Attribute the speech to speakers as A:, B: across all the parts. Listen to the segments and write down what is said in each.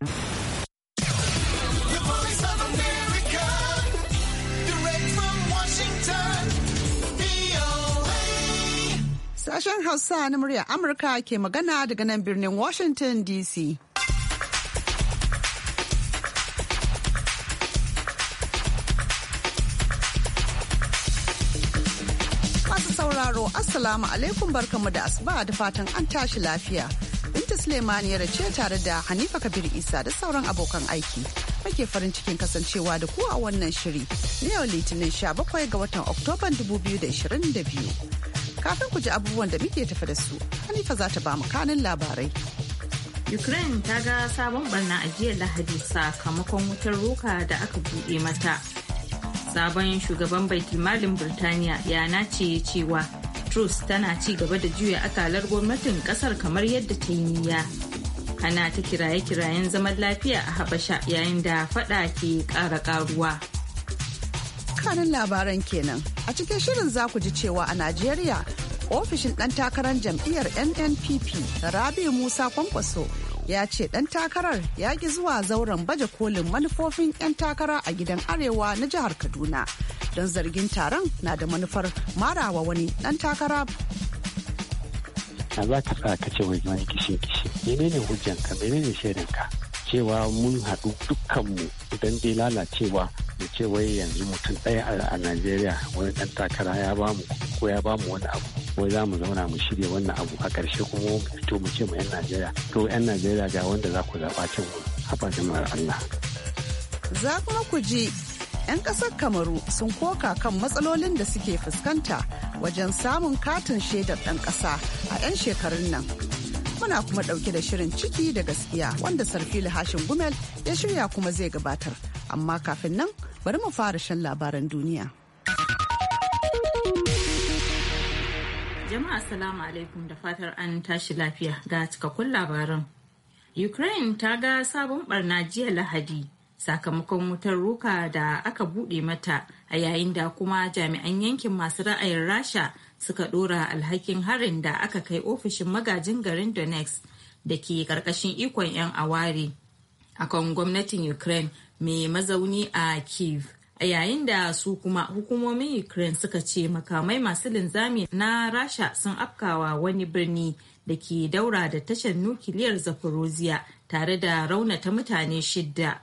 A: Sashen
B: Hausa na murya Amurka ke magana daga nan birnin Washington DC. Masu sauraro, Assalamu alaikum barkamu da asuba da fatan an tashi lafiya. ya race tare da Hanifa Kabir Isa da sauran abokan aiki. kake farin cikin kasancewa da ku a wannan shiri ni yau Litinin 17 ga watan oktoba 2022. Kafin ku ji abubuwan da muke tafi da su, Hanifa za ta ba mu kanin labarai.
C: Ukraine ta ga sabon barna a jiya Lahadi sakamakon wutar roka da aka buɗe mata. Sabon shugaban Baitul Malin Birtaniya ya nace cewa Truss tana ci gaba da juya akalar gwamnatin kasar kamar yadda ta yi niyya. Hana ta kiraye-kirayen zaman lafiya a Habasha yayin da fada ke ƙara ƙaruwa.
B: Kanin labaran kenan. A cikin shirin za ku ji cewa a Najeriya, ofishin ɗan takarar jam'iyyar NNPP Rabi Musa Kwankwaso ya ce ɗan takarar ya ki zuwa zauren baje kolin manufofin 'yan takara a gidan arewa na jihar kaduna don zargin taron na da manufar marawa wani ɗan takara
D: za ka ce wani kishin kishi menene hujjanka menene shaidanka cewa mun haɗu dukkanmu idan dai lalacewa da ce wai yanzu mutum ɗaya a najeriya wani ɗan takara ya bamu ko ya bamu wani abu wai za mu zauna mu shirya wannan abu a ƙarshe kuma mu fito mu ce mu 'yan najeriya to 'yan najeriya ga wanda za ku zaɓa cin haɓa jama'ar allah
B: za kuma ku ji 'yan ƙasar kamaru sun koka kan matsalolin da suke fuskanta wajen samun katin shaidar ɗan ƙasa a 'yan shekarun nan muna kuma ɗauke da shirin ciki da gaskiya wanda sarfili hashin gumel ya shirya kuma zai gabatar amma kafin nan bari mu fara shan labaran duniya
C: jama'a salamu alaikum da fatar an tashi lafiya ga cikakkun labaran ukraine ta ga sabon barna jiya lahadi sakamakon wutar ruka da aka buɗe mata a yayin da kuma jami'an yankin masu ra'ayin rasha suka dora alhakin harin da aka kai ofishin magajin garin donetsk da ke karkashin ikon 'yan aware kan gwamnatin ukraine mai mazauni a kiev a yayin da su kuma hukumomin ukraine suka ce makamai masu linzami na rasha sun afkawa wani birni da ke daura da tashar nukiliyar zaporozhia tare da raunata mutane shidda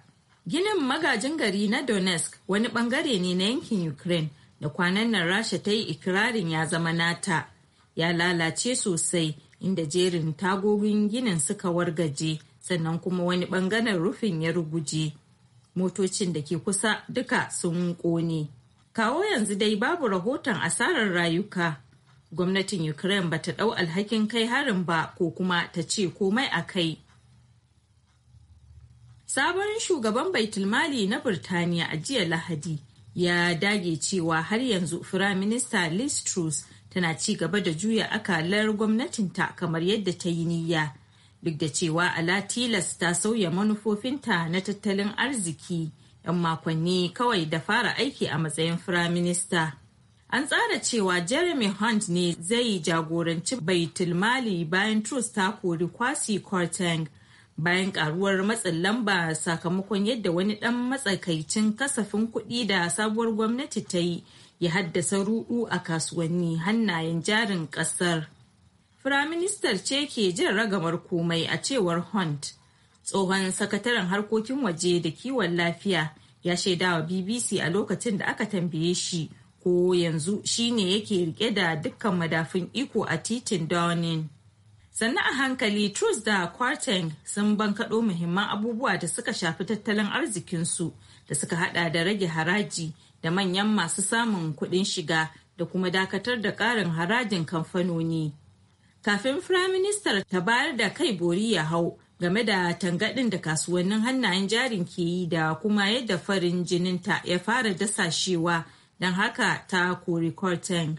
C: ginin magajin gari na donetsk wani bangare ne na yankin ukraine da kwanan nan rasha ta yi ikirarin ya zama nata ya lalace sosai inda jerin tagogin ginin suka wargaje sannan kuma wani bangaren rufin ya ruguje motocin da ke kusa duka sun ƙone kawo yanzu dai babu rahoton asarar rayuka gwamnatin ukraine ba ta ɗau alhakin kai harin ba ko kuma ta ce komai a kai sabon shugaban baitulmali na birtaniya a jiya lahadi ya dage cewa har yanzu firaminista liz truss tana ci gaba da juya akalar gwamnatinta kamar yadda ta yi niyya duk da cewa ala tilas ta sauya manufofinta na tattalin arziki 'yan makonni kawai da fara aiki a matsayin firaminista an tsara cewa jeremy hunt ne zai jagoranci baitulmali bayan truss ta kori kwasi Korteng. bayan karuwar matsin lamba sakamakon yadda wani ɗan matsakaicin kasafin kuɗi da sabuwar gwamnati ta yi ya haddasa ruɗu a kasuwanni hannayen jarin ƙasar. Firaministar ce ke jin ragamar komai a cewar Hunt. Tsohon sakataren harkokin waje da kiwon lafiya ya shaidawa BBC a lokacin da aka tambaye shi ko yanzu shine yake rike da dukkan madafin iko a titin Downing. sannan a hankali truss da quarteng sun bankaɗo muhimman abubuwa da suka shafi tattalin arzikinsu da suka hada da rage haraji da manyan masu samun kuɗin shiga da kuma dakatar da ƙarin harajin kamfanoni kafin firaministar ta bayar da kai bori ya hau game da tangadin da kasuwannin hannayen jarin ke yi da kuma yadda farin jininta ya fara dasashewa don haka ta kori Korteng.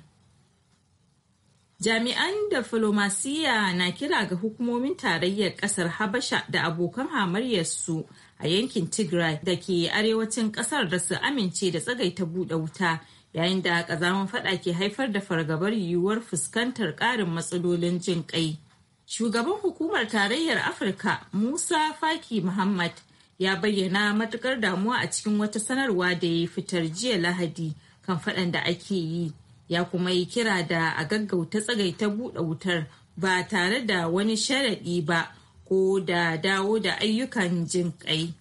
C: Jami'an da falomasiya na kira ga hukumomin tarayyar kasar Habasha da abokan hamayyarsu a yankin Tigray da ke arewacin kasar da su amince da tsagaita buɗe wuta yayin da kazaman fada ke haifar da fargabar yiwuwar fuskantar ƙarin matsalolin jin kai. Shugaban hukumar tarayyar Afirka Musa Faki Muhammad ya bayyana matukar damuwa a cikin wata sanarwa da ya fitar jiya Lahadi kan faɗan da ake yi ya kuma yi kira da a gaggauta tsagaita buɗe wutar ba tare da wani sharaɗi ba ko da dawo da ayyukan jin ƙai.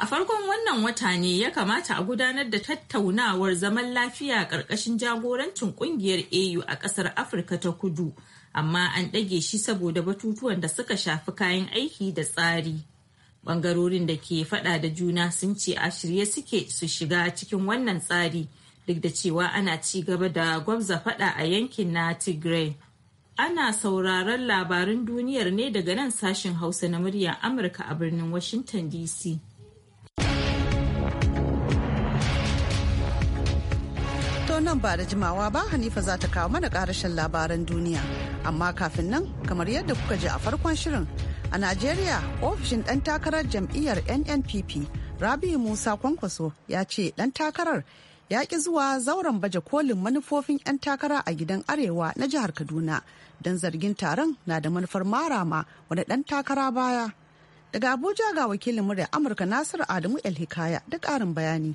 C: A farkon wannan wata ne ya kamata a gudanar da tattaunawar zaman lafiya ƙarƙashin jagorancin ƙungiyar AU a ƙasar Afirka ta kudu, amma an ɗage shi saboda batutuwan da suka shafi kayan aiki da tsari. Bangarorin da ke faɗa da juna sun ce a shirye suke su shiga cikin wannan tsari duk da cewa ana ci gaba da gwabza fada a yankin na Tigray. Ana sauraron labarin duniyar ne daga nan sashen Hausa na muryar Amurka a birnin Washington DC. nan ba
B: da jimawa ba Hanifa za ta kawo mana ƙarashin labaran duniya. Amma kafin nan, kamar yadda kuka ji a farkon shirin, a Najeriya ofishin ɗan takarar jam'iyyar NNPP rabi Musa Kwankwaso ya ce ɗan takarar ya ki zuwa zauren baje kolin manufofin 'yan takara a gidan arewa na jihar kaduna don zargin taron na da manufar marama wani ɗan takara baya daga abuja ga wakilin murya amurka nasiru adamu el hikaya da ƙarin bayani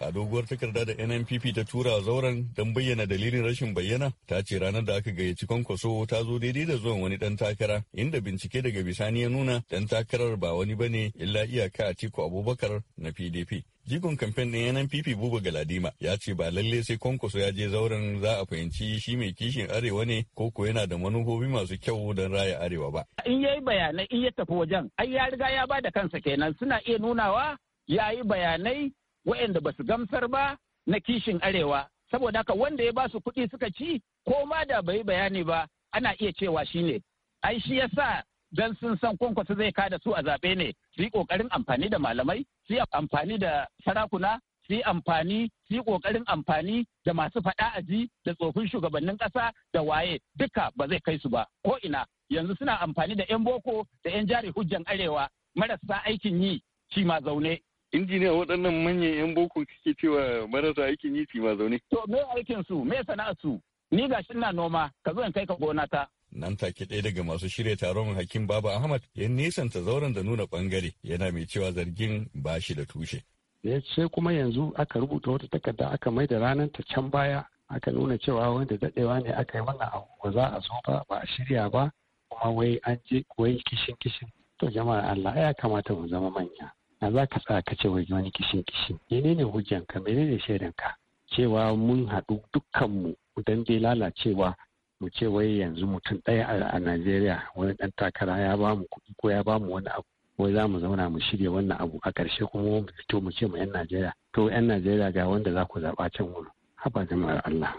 E: a doguwar takarda da nnpp ta tura zauren don bayyana dalilin rashin bayyana ta ce ranar da aka gayyaci kwankwaso ta zo daidai da zuwan wani dan takara inda bincike daga bisani ya nuna dan takarar ba wani ba ne illa iyaka a atiku abubakar na pdp jigon kamfen ɗin NNPP Buba Galadima ya ce ba lalle sai kwankwaso ya je zauren za a fahimci shi mai kishin arewa ne ko ko yana da manufofi masu kyau don raya arewa ba.
F: In yayi bayanai in ya tafi wajen ai ya riga ya ba kansa kenan suna iya nunawa ya yi bayanai waɗanda ba su gamsar ba na kishin arewa saboda haka wanda ya ba su kuɗi suka ci ko ma da bai bayani ba ana iya cewa shi ne ai shi yasa dan sun san kwankwaso zai kada su a zaɓe ne su yi ƙoƙarin amfani da malamai su yi amfani da sarakuna su yi amfani su yi ƙoƙarin amfani da masu faɗa aji da tsofin shugabannin ƙasa da waye duka ba zai kai su ba ko ina yanzu suna amfani da 'yan boko da 'yan jari hujjan arewa marasa aikin yi shi ma zaune injiniya waɗannan manyan 'yan boko kake cewa marasa aikin yi ma zaune. To me aikin su me sana'arsu ni ga na noma ka zo in kai ka gona ta.
E: Nan take ɗaya daga masu shirya taron hakim Baba Ahmad ya nisanta zauren da nuna bangare yana mai cewa zargin ba shi da tushe.
D: sai kuma yanzu aka rubuta wata takarda aka mai da ranar ta can baya aka nuna cewa wanda daɗewa ne aka yi wannan abu ba za a zo ba ba a shirya ba kuma wai an je wai kishin kishin to jama'a Allah ya kamata mu zama manya na za ka tsaka ka ce wani kishin kishin ne hujjan ka? Mene ne shaidan ka? cewa mun haɗu dukkan mu don dai lalacewa mu ce wai yanzu mutum ɗaya a Najeriya wani ɗan takara ya ba mu kuɗi ko ya ba mu wani abu wai za mu zauna mu shirya wannan abu a ƙarshe kuma mu fito mu ce mu 'yan Najeriya to 'yan Najeriya ga wanda za ku zaɓa can wuri haba jama'ar Allah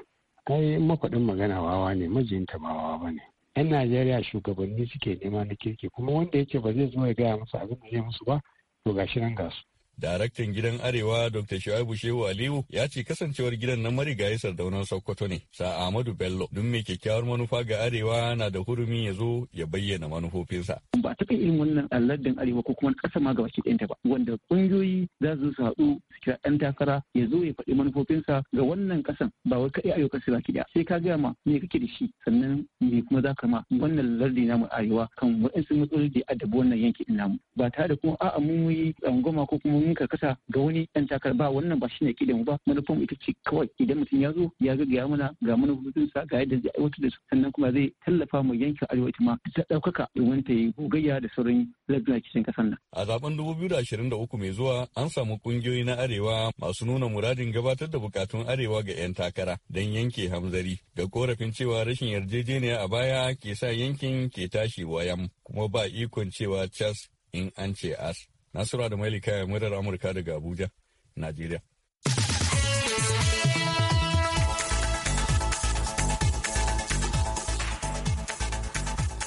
D: ai mafaɗin magana wawa ne mijinta ba wawa ba ne 'yan Najeriya shugabanni suke nema na kirki kuma wanda yake ba zai zo ya gaya musu abin da zai musu ba progression in gas.
E: Daraktan gidan Arewa Dr. Shu'aibu Shehu Aliyu ya ce kasancewar gidan na marigayi sardaunan Sokoto ne. Sa Ahmadu Bello don mai kyakkyawar manufa ga Arewa na da hurumi ya zo ya bayyana manufofinsa.
F: Ba taɓa irin wannan alladin Arewa ko kuma ƙasa ma gabaki ɗayanta ba wanda ƙungiyoyi za su haɗu su kira ɗan takara ya zo ya faɗi manufofinsa ga wannan ƙasan ba wai kaɗai ayyukan su baki ɗaya sai ka gaya ma me kake da shi sannan me kuma za ka ma wannan lardi namu Arewa kan waɗansu matsaloli da ya addabi wannan yankin namu ba tare da kuma a'a mun yi tsangwama ko kuma mun kasa ga wani ɗan takar ba wannan ba shine mu ba manufan ita ce kawai idan mutum ya zo ya ga ga mana ga manufofinsa ga yadda zai aiwatar da su sannan kuma zai tallafa mu yankin arewa ita ma ta ɗaukaka domin ta yi gogayya da sauran larduna cikin ƙasar
E: nan. A zaben 2023 mai zuwa an samu ƙungiyoyi na arewa masu nuna muradin gabatar da bukatun arewa ga 'yan takara don yanke hamzari ga korafin cewa rashin yarjejeniya a baya ke sa yankin ke tashi wayan kuma ba ikon cewa cas in an ce as. Nasura da Malika murar Amurka daga Abuja, Najeriya.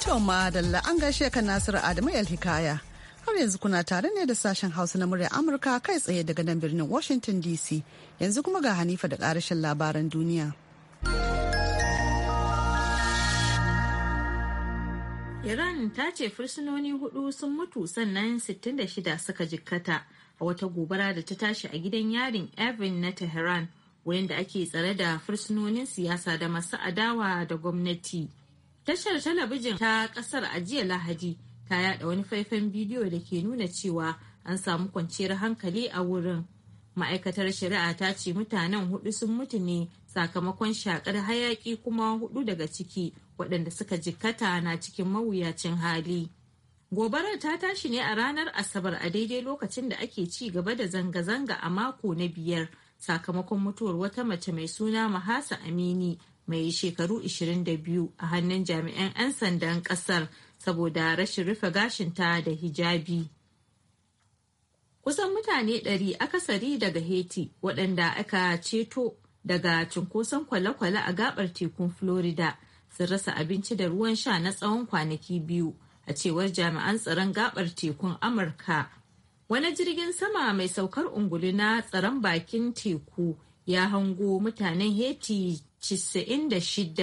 B: To madalla an gaishe kan Nasiru Adamu El Hikaya. Har yanzu kuna tare ne da sashen Hausa na muryar Amurka kai tsaye daga nan birnin Washington DC. Yanzu kuma ga Hanifa da ƙarashin labaran duniya.
C: Iran ta ce fursunoni hudu sun mutu sannan 66 suka jikkata a wata gobara da ta tashi a gidan yarin Evin na Tehran wurin da ake tsare da fursunonin siyasa da masu adawa da gwamnati. Tashar talabijin ta kasar a jiya Lahadi ta yada wani faifan bidiyo da ke nuna cewa an samu kwanciyar hankali a wurin. Ma'aikatar shari'a ta ce mutanen hudu sun mutu ne sakamakon shakar hayaki kuma hudu daga ciki waɗanda suka jikkata na cikin mawuyacin hali. Gobarar ta tashi ne a ranar Asabar a daidai lokacin da ake ci gaba da zanga-zanga a mako na biyar sakamakon mutuwar wata mace mai suna Mahasa Amini mai shekaru 22 a hannun jami'an 'yan sandan ƙasar, saboda rashin rufe gashinta da hijabi. Kusan mutane ɗari akasari daga Haiti waɗanda aka ceto daga cunkoson kwale-kwale a gabar tekun Florida sun rasa abinci da ruwan sha na tsawon kwanaki biyu a cewar jami'an tsaron gabar tekun amurka wani jirgin sama mai saukar ungulu na tsaron bakin teku ya hango mutanen heti 96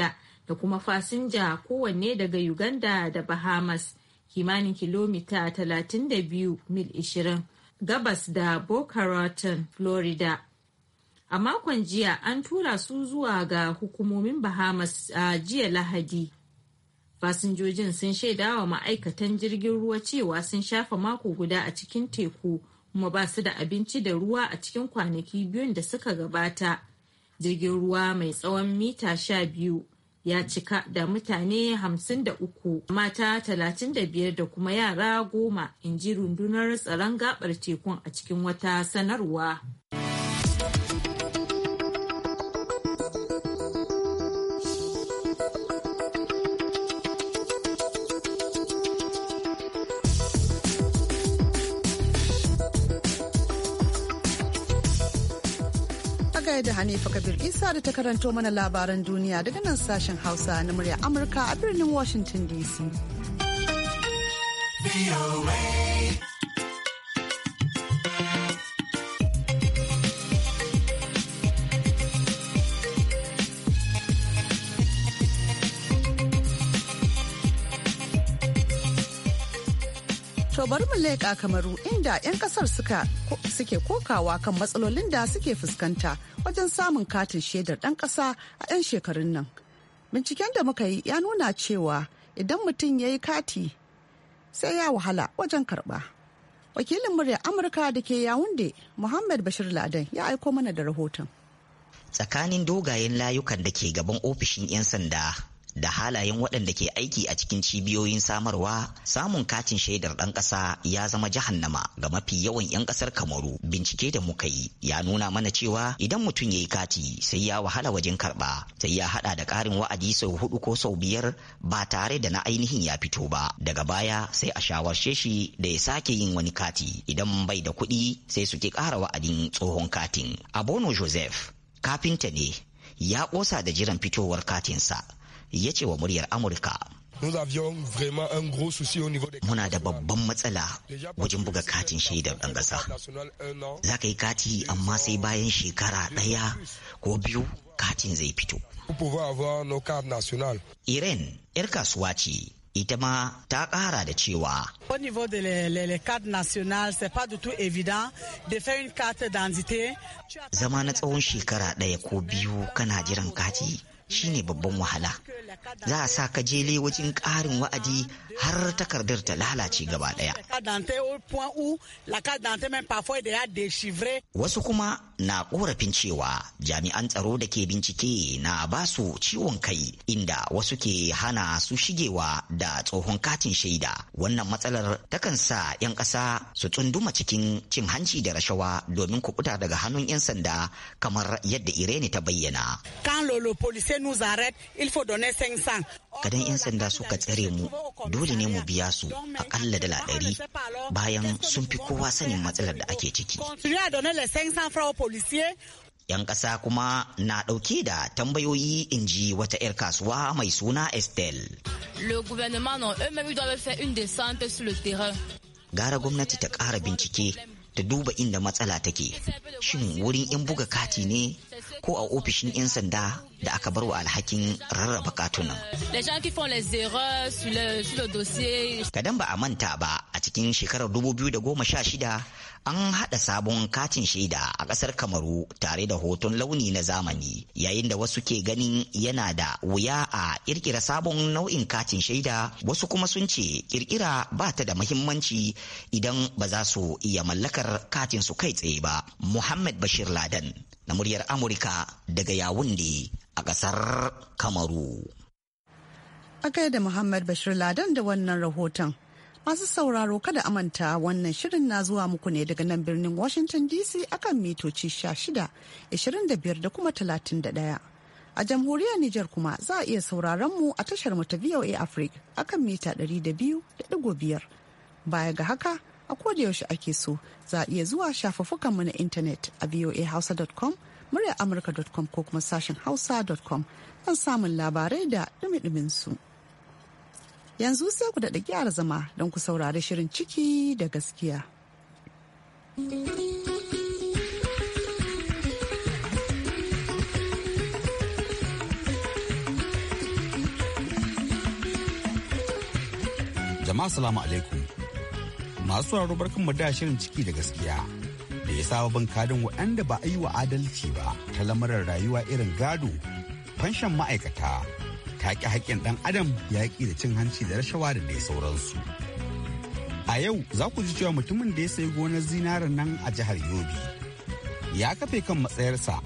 C: da kuma fasinja kowanne daga uganda da bahamas kimanin kilomita 32 mil 20 gabas da boca raton florida a makon jiya an tura su zuwa ga hukumomin bahamas a jiya lahadi fasinjojin sun shaida wa ma'aikatan jirgin ruwa cewa sun shafa mako guda a cikin teku kuma ba su da abinci da ruwa a cikin kwanaki biyun da suka gabata jirgin ruwa mai tsawon mita sha biyu ya cika da mutane hamsin da uku mata talatin da biyar da kuma yara goma in ji rundunar tsaron gabar tekun a cikin wata sanarwa
B: Hanifa Kabir Isa da ta karanto mana labaran duniya daga nan sashen Hausa na murya Amurka a birnin Washington DC. To bari mu leƙa kamaru inda 'yan kasar suke kokawa kan matsalolin da suke fuskanta wajen samun katin shaidar ɗan ƙasa a 'yan shekarun nan. Binciken da muka yi ya nuna cewa idan mutum ya yi kati sai ya wahala wajen karɓa. Wakilin murya Amurka da ke Yawunde, Muhammad Bashir Laden
A: ya aiko mana da rahoton. Tsakanin dogayen layukan da ke gaban ofishin 'yan sanda da halayen waɗanda ke aiki a cikin cibiyoyin samarwa samun katin shaidar ɗan ƙasa ya zama jahannama ga mafi yawan 'yan ƙasar kamaru bincike da muka yi ya nuna mana cewa idan mutum ya yi kati sai ya wahala wajen karɓa sai ya haɗa da ƙarin wa'adi sau hudu ko sau biyar ba tare da na ainihin ya fito ba daga baya sai a shawarce shi da ya sake yin wani kati idan bai da kuɗi sai su ki ƙara wa'adin tsohon katin abono joseph kafinta ne ya ƙosa da jiran fitowar katinsa ya ce wa muryar Amurka. Muna da babban matsala wajen buga katin shaidar ɗan ƙasa. Za ka yi kati amma sai bayan shekara ɗaya ko biyu katin zai fito. iran 'yar kasuwa ce ita ma ta ƙara da cewa. Zama na tsawon shekara ɗaya ko biyu kana jiran kati shine babban wahala za a sa ka jele wajen ƙarin wa'adi har takardar ta lalace gaba ɗaya
B: wasu kuma
A: na korafin cewa jami'an tsaro da ke bincike na ba su ciwon kai inda wasu ke hana su shigewa da tsohon katin shaida wannan matsalar takan sa 'yan ƙasa su tsunduma cikin cin hanci da rashawa domin kuɓuta daga hannun 'yan sanda kamar yadda irene ta bayyana kan lolo Kadan 'yan sanda suka tsare mu dole ne mu biya su akalla dala ɗari bayan sun fi kowa sanin matsalar da ake ciki. 'Yan ƙasa kuma na ɗauke da tambayoyi in ji wata 'yar kasuwa mai suna Estelle.
C: Le gouvernement non eux ils doivent faire une descente sur le terrain.
A: Gara gwamnati ta ƙara bincike ta duba inda matsala take. Shin wurin 'yan buga kati ne ko a ofishin 'yan sanda da aka bar wa alhakin rarraba katunan. Kadan ba a manta ba a cikin shekarar 2016 an haɗa sabon katin shaida a ƙasar kamaru tare da hoton launi na zamani yayin da wasu ke ganin yana da wuya a ƙirƙira sabon nau'in katin shaida wasu kuma sun ce ƙirƙira ba ta da mahimmanci idan ba za su iya mallakar katin su kai tsaye ba muhammad bashir ladan na muryar amurka daga yawunde a ƙasar kamaru
B: a da muhammad bashir ladan da wannan rahoton Masu sauraro kada a manta wannan shirin na zuwa muku ne daga nan birnin Washington DC akan mitoci 16, 25 da kuma 31. A jamhuriyar Nijar kuma za a iya sauraron mu a tashar mu ta VOA Africa akan mita 200.5. Baya ga haka a yaushe ake so za a iya zuwa mu na intanet a voahausa.com muryar amurka.com ko kuma sashen hausa.com don samun labarai da dumi su. Yanzu sai ku daɗa gyara zama don ku saurari shirin ciki da gaskiya.
G: Jama'a salamu alaikum. Masu sauraro mu da shirin ciki da gaskiya. Da ya saba bin kadin waɗanda ba a yi wa adalci ba ta lamarin rayuwa irin gado, fanshan ma'aikata. take haƙƙin ɗan adam yaƙi da cin hanci da rashawa da dai sauransu a yau za ku ji cewa mutumin da ya sayi gonar zinarin nan a jihar yobi ya kafe kan matsayarsa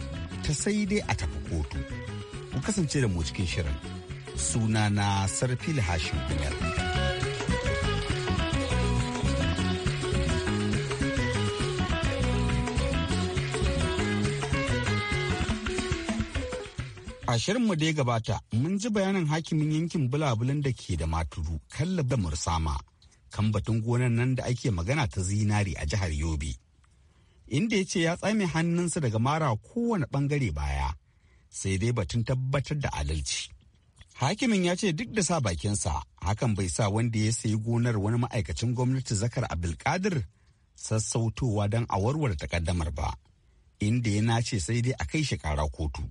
G: ta sai dai a tafi kotu ku kasance da mu cikin shirin sunana sarfil hashim gunar. A shirinmu da ya gabata, mun ji bayanin hakimin yankin bulabulin da ke da maturu, kallab da mursama, kan batun gonan nan da ake magana ta zinari a jihar Yobe. Inda ya ce ya tsame hannunsa daga mara kowane bangare baya, sai dai batun tabbatar da adalci. Hakimin ya ce duk da sa bakinsa, hakan bai sa wanda ya sayi gonar wani ma'aikacin gwamnati Zakar Abdulkadir sassautowa don a warware takaddamar ba, inda ya nace sai dai a kai shi kara kotu.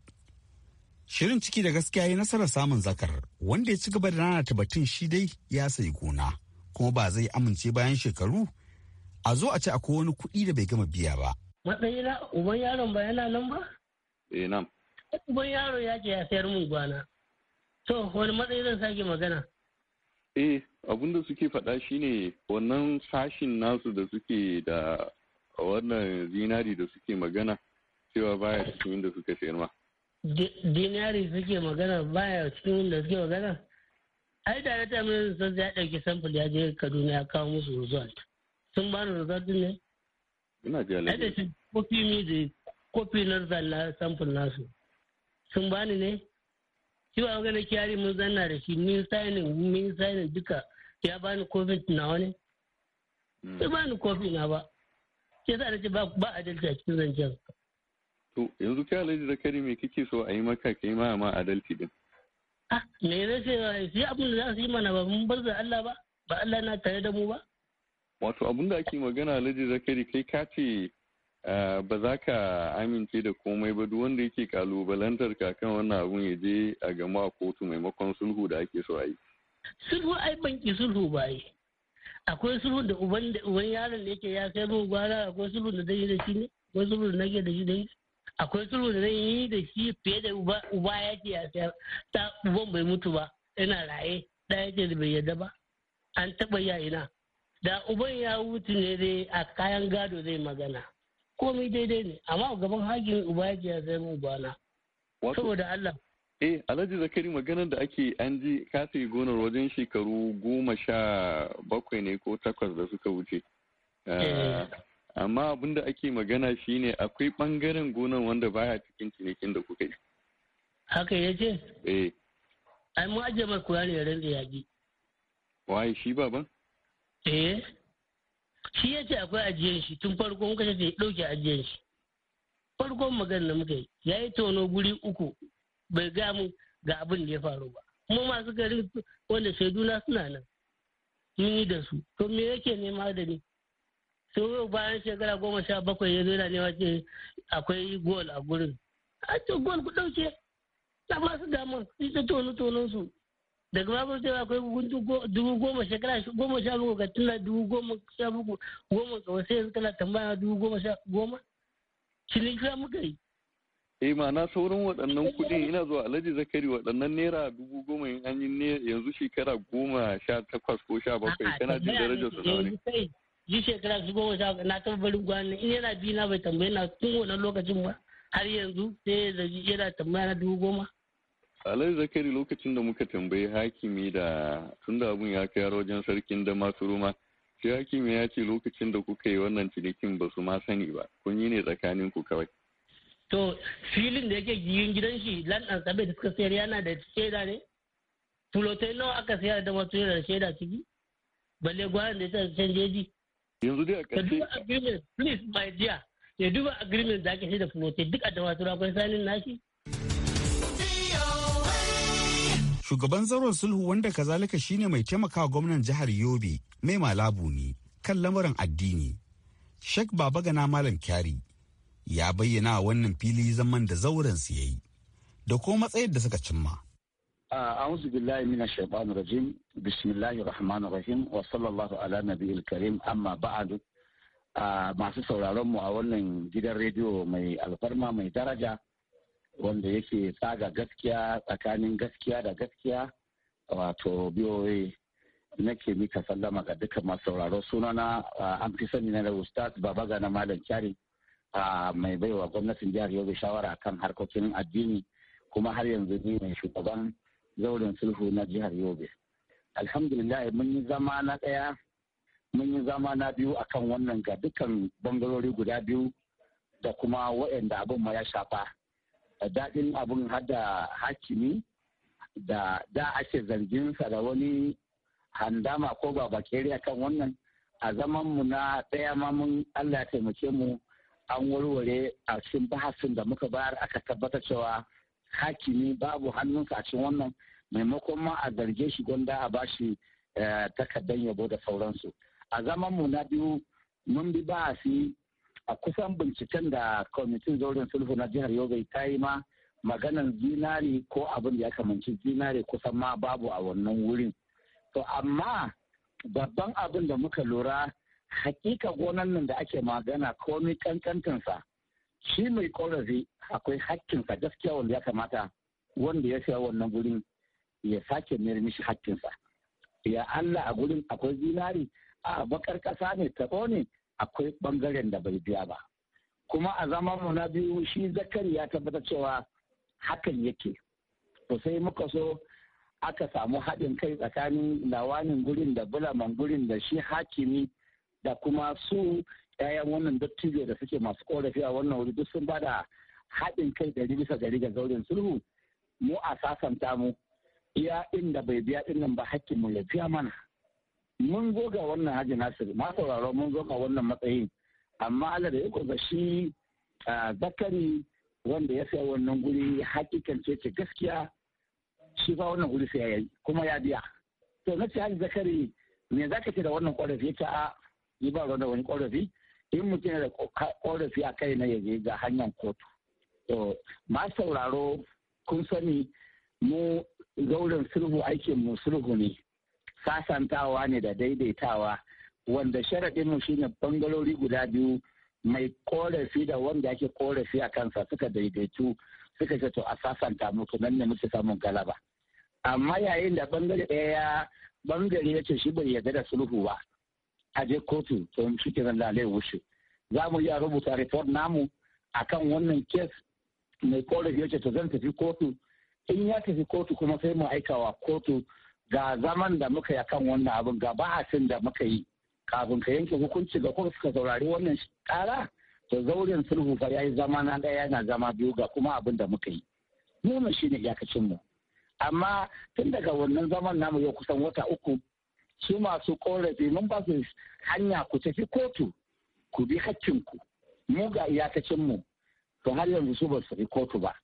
G: Shirin ciki da gaskiya ya nasarar samun zakar wanda ya ci gaba da nanata batun shi dai ya sayi gona kuma ba zai amince bayan shekaru a zo a ci akwai wani kuɗi da bai gama biya ba.
H: Matsayina uban yaron ba yana nan ba? Eh nan. Uban yaro ya ce ya sayar min gwana. To wani matsayi zan sake magana?
E: Eh abin da suke faɗa shine wannan sashin nasu da suke da wannan zinari da suke magana cewa baya cikin da suka sayar ma.
H: dinari suke magana baya cikin wanda suke magana ai da ta mun sun ya dauki sample ya je Kaduna ya kawo musu result sun ba ni result ne
D: ina
E: ji alaji ai da
H: kofi me da copy na result na sample nasu sun ba ni ne shi ba magana kiyari mun zanna da shi ni signing ni signing duka ya ba ni covid na wani sai hmm. ba ni copy na ba ke sa da ce ba adalci a cikin zancen
E: To yanzu kai Alhaji kare me kike so a yi maka kai ma ma adalci din?
H: Ah me zai ce shi abin da za su yi mana ba mun bar da Allah ba ba Allah na tare da mu ba.
E: Wato abin da ake magana Alhaji Zakari kai ka ce ah, ba za ka amince da komai ba duk wanda yake kalubalantar ka kan wannan abun ya je a gama a kotu maimakon sulhu da ake so a yi.
H: Sulhu ai ban ki sulhu ba yi. Akwai sulhu da uban yaron da yake ya kai mu gwara akwai sulhu da dai da shi ne akwai sulhu da nake da shi da shi. akwai sulhu da zan yi da shi fiye da uba ya ce ya sayar ta uban bai mutu ba yana raye ɗaya ce da bai yarda ba an taɓa ina da uban ya wuce ne dai a kayan gado zai magana komai daidai ne amma gaban hakin uba ya ce ya sayar mu na
E: saboda Allah eh alhaji zakari maganar da ake an ji kafe gonar wajen shekaru goma sha bakwai ne ko takwas da suka wuce eh. amma abin da ake magana shine akwai bangaren gonan wanda baya cikin cinikin da kuka yi
H: haka ya ce eh ai mu aje mai kura ne ran da yaji
E: waye shi baban
H: eh shi ya ce akwai ajiyar shi tun farko muka ce dauke ajiyar shi farkon magana da muka yi ya yi tono guri uku bai ga mu ga abin da ya faru ba kuma masu garin wanda shaiduna suna nan mun yi da su to me yake nema da ni sun bayan shekara goma sha bakwai ya yana ne wace akwai gol a gurin a ce gol ku ɗauke na masu damar ita tono tonon su daga ma kuma akwai guntu dubu goma shekara goma sha bakwai ga tuna dubu goma sha bakwai goma kawai sai yanzu kana tambaya dubu goma sha goma shi kira
E: muka yi. eh ma'ana sauran waɗannan kuɗin ina zuwa alhaji zakari waɗannan naira dubu goma in an yi yanzu shekara goma sha takwas ko sha bakwai kana jin darajar su
H: wani. ji shekara su goma sha na taɓa barin gwanin in yana bi na bai tambaye na tun wannan lokacin ba har yanzu sai da yana tambaya na dubu goma.
E: Alai Zakari lokacin da muka tambayi hakimi da tun da abun ya kai wajen sarkin da masu ruma sai hakimi ya ce lokacin da kuka yi wannan cinikin ba su ma sani ba kun yi ne tsakanin ku kawai.
H: To filin da yake gigin gidan shi lantan sabai da suka sayar yana da shaida ne? Fulotai nawa aka sayar da masu da shaida ciki? Balle gwanin da ya canje ji? yanzu dai a ƙarshe ya duba agreement please my dear ya duba agreement da ake da fulote duk a tura kwan sanin nashi
G: shugaban zauren sulhu wanda kazalika shine mai taimakawa gwamnan jihar yobe mai malabu ne kan lamarin addini shek baba gana malam kyari ya bayyana wannan fili zaman da zauren su yayi da ko matsayin da suka cimma
F: أعوذ بالله من الشيطان الرجيم بسم الله الرحمن الرحيم وصلى الله على نبي الكريم أما بعد masu sauraron mu a wannan gidan rediyo mai alfarma mai daraja wanda yake tsaga gaskiya tsakanin gaskiya da gaskiya wato na nake mika sallama ga duka masu sauraro sunana an fi sani na da ustaz babaga na malam kyari mai baiwa gwamnatin jihar yobe shawara kan harkokin addini kuma har yanzu ni mai shugaban zauren sulhu na jihar yobe alhamdulillah mun yi zama na ɗaya mun yi zama na biyu akan wannan ga dukkan bangarori guda biyu da kuma waɗanda abin ma ya shafa daɗin abin hada hakimi da da ake sa da wani handama ko ba bakeri akan wannan a zaman mu na ɗaya ma mun Allah ya taimake mu an warware a cikin bahasin da muka bayar aka tabbata cewa hakimi babu hannunsa a cikin wannan maimakon ma a zarge shi gwanda a bashi eh, takardar yabo da sauransu a zaman mu na biyu mun bi ba a kusan binciken da kwamitin zaurin sulhu na jihar yobe ta yi ma maganan zinari ko abin da ya kamanci zinari kusan ma babu a wannan wurin to amma babban abin da muka lura hakika gonan nan da ake magana komi kankantansa shi mai korafi akwai hakkinsa gaskiya wanda ya kamata wanda ya siya wannan gurin ya sake mayar mishi hakkinsa ya Allah a gurin akwai zinari a bakar ƙasa ne tabo ne akwai ɓangaren da bai biya ba kuma a zaman mu na biyu shi zakari ya tabbata cewa hakan yake to sai muka so aka samu haɗin kai tsakanin lawanin gurin da bulaman gurin da shi hakimi da kuma su 'ya'yan wannan dattijo da suke masu korafi a wannan wuri duk sun bada haɗin kai ɗari bisa ɗari ga zauren sulhu mu a sasanta mu iya inda bai biya ɗin nan ba hakkin mu ya biya mana mun zo ga wannan haji nasir ma sauraro mun zo ga wannan matsayin amma allah da ya ga shi zakari wanda ya saya wannan guri hakikan ce gaskiya shi fa wannan guri sai ya yi kuma ya biya to na ce hajji zakari me za ka ce da wannan ƙorafi ta a yi ba wani ƙorafi in mutum da korafi a kai na yaje ga hanyar kotu to ma sauraro kun sani mu gaurin sulhu aikin mu sulhu ne sasantawa ne da daidaitawa wanda sharaɗin mu shine bangarori guda biyu mai korafi da wanda ake korafi a kansa suka daidaitu suka ce to a sasanta mutu nan ne muke samun galaba amma yayin da bangare ɗaya bangare ya ce shi bai yarda da sulhu ba a je kotu tsohon cikin zan lalai wuce za mu iya rubuta report namu akan wannan kes mai kore yace to zan tafi kotu in ya tafi kotu kuma sai mu aikawa kotu ga zaman da muka yi kan wannan abin ga ba'asin da muka yi kafin ka yanke hukunci ga kuma suka saurari wannan kara to zauren sulhu fa yayi zama na daya na zama biyu ga kuma abin da muka yi mu shine iyakacin mu amma tun daga wannan zaman namu yau kusan wata uku su masu korafi mun ba su hanya ku tafi kotu ku bi hakkinku mu ga iyakacin mu to har yanzu su ba su bi kotu ba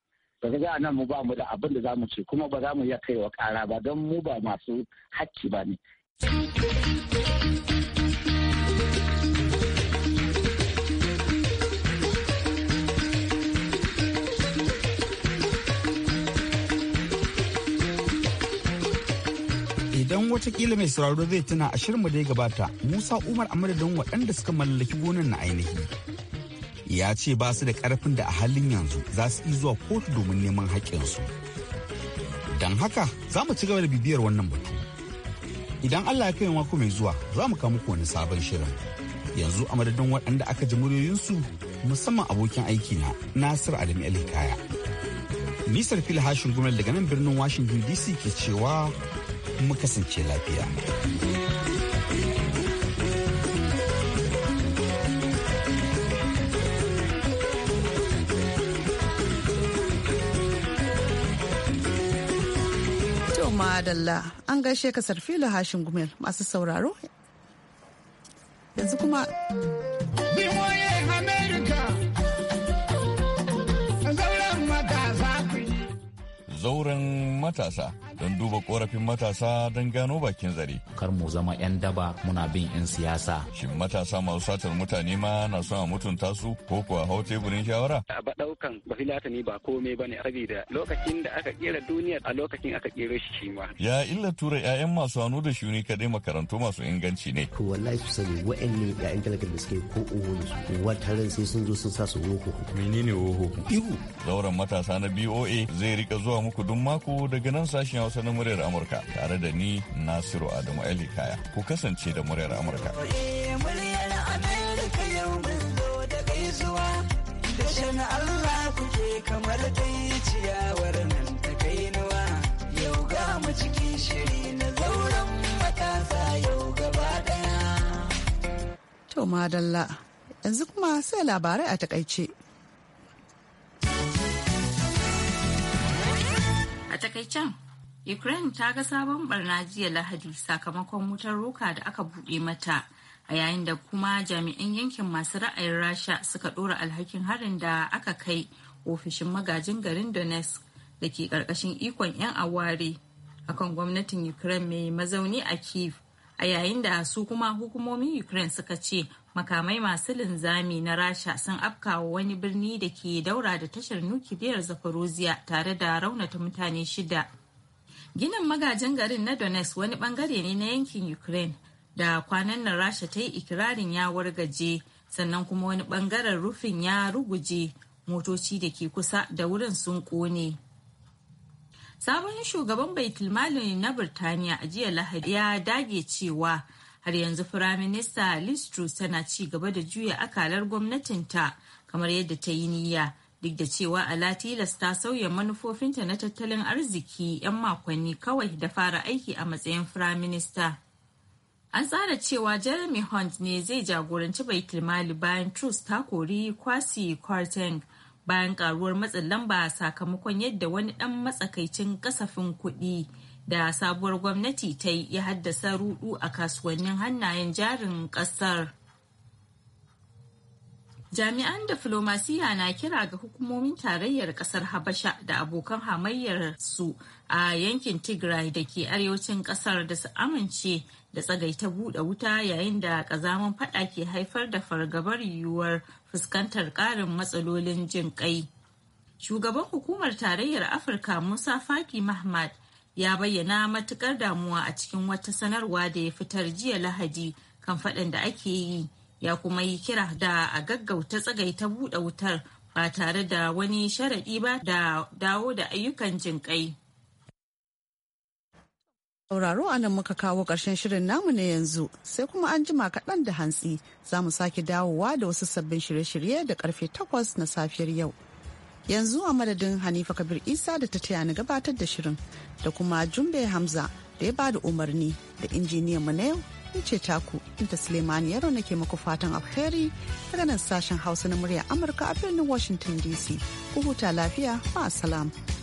F: ba ga nan mu ba mu da abin da za mu ce kuma ba za mu iya kaiwa kara ba don mu ba masu hakki ba ne.
G: idan watakila mai sauraro zai tuna a shirinmu da ya gabata musa umar a madadin waɗanda suka mallaki gonan na ainihi ya ce ba su da ƙarfin da a halin yanzu za su yi zuwa kotu domin neman haƙƙinsu don haka za mu ci gaba da bibiyar wannan batu idan allah ya kai mako mai zuwa za mu kama wani sabon shirin yanzu a madadin waɗanda aka ji muryoyinsu musamman abokin aiki na, nasir adam kaya nisar fil hashin gumel daga nan birnin washington dc ke cewa mu kasance lafiya.
B: madalla an gaishe ka sarfila hashin gumel masu sauraro yanzu kuma
E: zauren matasa don duba korafin matasa don gano bakin zare. Kar mu zama 'yan daba muna bin 'yan siyasa. Shin matasa masu satar mutane ma na son a mutunta su ko kuwa hau teburin shawara? A
F: ba ɗaukan ba ne ba komai ba ne saboda lokacin da aka kera duniya a lokacin aka kera shi shi ma.
E: Ya illa tura 'ya'yan masu hannu da shuni kadai makarantu masu inganci ne.
D: Ko wallahi su sani 'ya'yan talakar da suke ko da su wata sai sun zo sun sa su woho. Menene woho?
G: Ihu.
E: Zauren matasa na BOA zai rika zuwa muku duk mako daga nan sashen Hausa Hausa na muryar Amurka tare da ni Nasiru Adamu Ali Kaya. Ku kasance da muryar Amurka.
F: da Dashen Allah kuke kamar dai ciyawar nan ta kainuwa yau ga mu shiri na zauren matasa yau gaba ɗaya.
B: To madalla yanzu kuma sai labarai a takaice.
C: Ukraine ta ga sabon barna jiya Lahadi sakamakon wutar roka da aka buɗe mata, a yayin da kuma jami'an yankin masu ra'ayin Rasha suka ɗora alhakin harin da aka kai ofishin magajin garin Donetsk da ke ƙarƙashin ikon 'yan aware akan gwamnatin Ukraine mai mazauni a Kiev, a yayin da su kuma hukumomin Ukraine suka ce makamai masu linzami na Rasha sun afkawa wani birni da ke daura da tashar nukiliyar Zaporozhye tare da raunata mutane shida. Ginin magajin garin na Donetsk wani bangare ne na yankin Ukraine da kwanan nan Rasha ta yi ikirarin ya wargaje sannan kuma wani bangaren rufin ya ruguje motoci da ke kusa da wurin sun kone. Sabon shugaban Baitulmali na Birtaniya a jiya Lahadi ya dage cewa har yanzu Firaminista Liz tana ci gaba da juya akalar gwamnatinta kamar yadda ta yi niyya. duk da cewa alatilas ta sauya manufofinta na tattalin arziki 'yan makonni kawai da fara aiki a matsayin firaminista. An tsara cewa Jeremy Hunt ne zai jagoranci baitulmali bayan Truss ta kori Kwasi Kwarteng bayan karuwar matsin lamba sakamakon yadda wani ɗan matsakaicin kasafin kuɗi da sabuwar gwamnati ta yi ya haddasa rudu a kasuwannin hannayen jarin ƙasar. Jami'an diflomasiya na kira ga hukumomin tarayyar kasar Habasha da abokan hamayyar su a yankin Tigray da ke arewacin kasar da su amince da tsagaita buɗe wuta yayin da ƙazamin faɗa ke haifar da fargabar yiwuwar fuskantar ƙarin matsalolin jin ƙai. Shugaban hukumar tarayyar Afirka Musa Faki Mahmad ya bayyana matukar damuwa a cikin wata sanarwa da ya fitar jiya Lahadi kan faɗin da ake yi ya kuma yi kira da a gaggauta tsagaita buɗe wutar ba tare da wani sharaɗi ba da dawo da ayyukan jinƙai.
B: Sauraro a nan muka kawo ƙarshen shirin namu na yanzu sai kuma an jima kaɗan da hantsi za mu sake dawowa da wasu sabbin shirye-shirye da ƙarfe takwas na safiyar yau. Yanzu a madadin Hanifa Kabir Isa da ta taya ni gabatar da shirin da kuma Jumbe Hamza da ya bada umarni da injiniyan mu na yau in ce taku inta Suleimani yaro nake muku fatan alheri daga nan sashen Hausa na murya Amurka a birnin Washington DC. Ku huta lafiya, ma